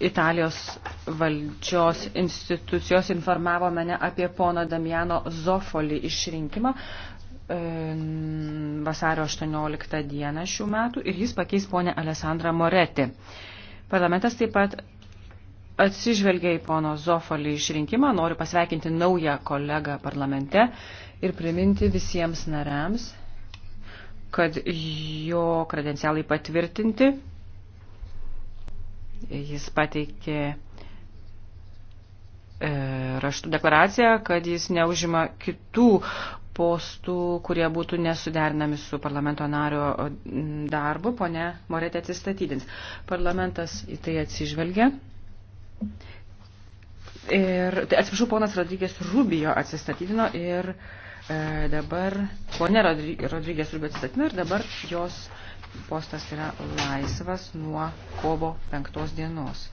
Italijos valdžios institucijos informavo mane apie pono Damiano Zofoli išrinkimą e, vasario 18 dieną šių metų ir jis pakeis ponę Alessandrą Moretti. Parlamentas taip pat atsižvelgia į pono Zofolį išrinkimą, noriu pasveikinti naują kolegą parlamente ir priminti visiems nariams, kad jo kredencialai patvirtinti Jis pateikė e, raštų deklaraciją, kad jis neužima kitų postų, kurie būtų nesuderinami su parlamento nario darbu. Pone Moretė atsistatydins. Parlamentas į tai atsižvelgia. Ir, tai atsiprašau, ponas Rodrygės Rubijo atsistatydino ir e, dabar, ponė Rodrygės Rubijo atsistatydino ir dabar jos postas yra laisvas nuo kovo penktos dienos.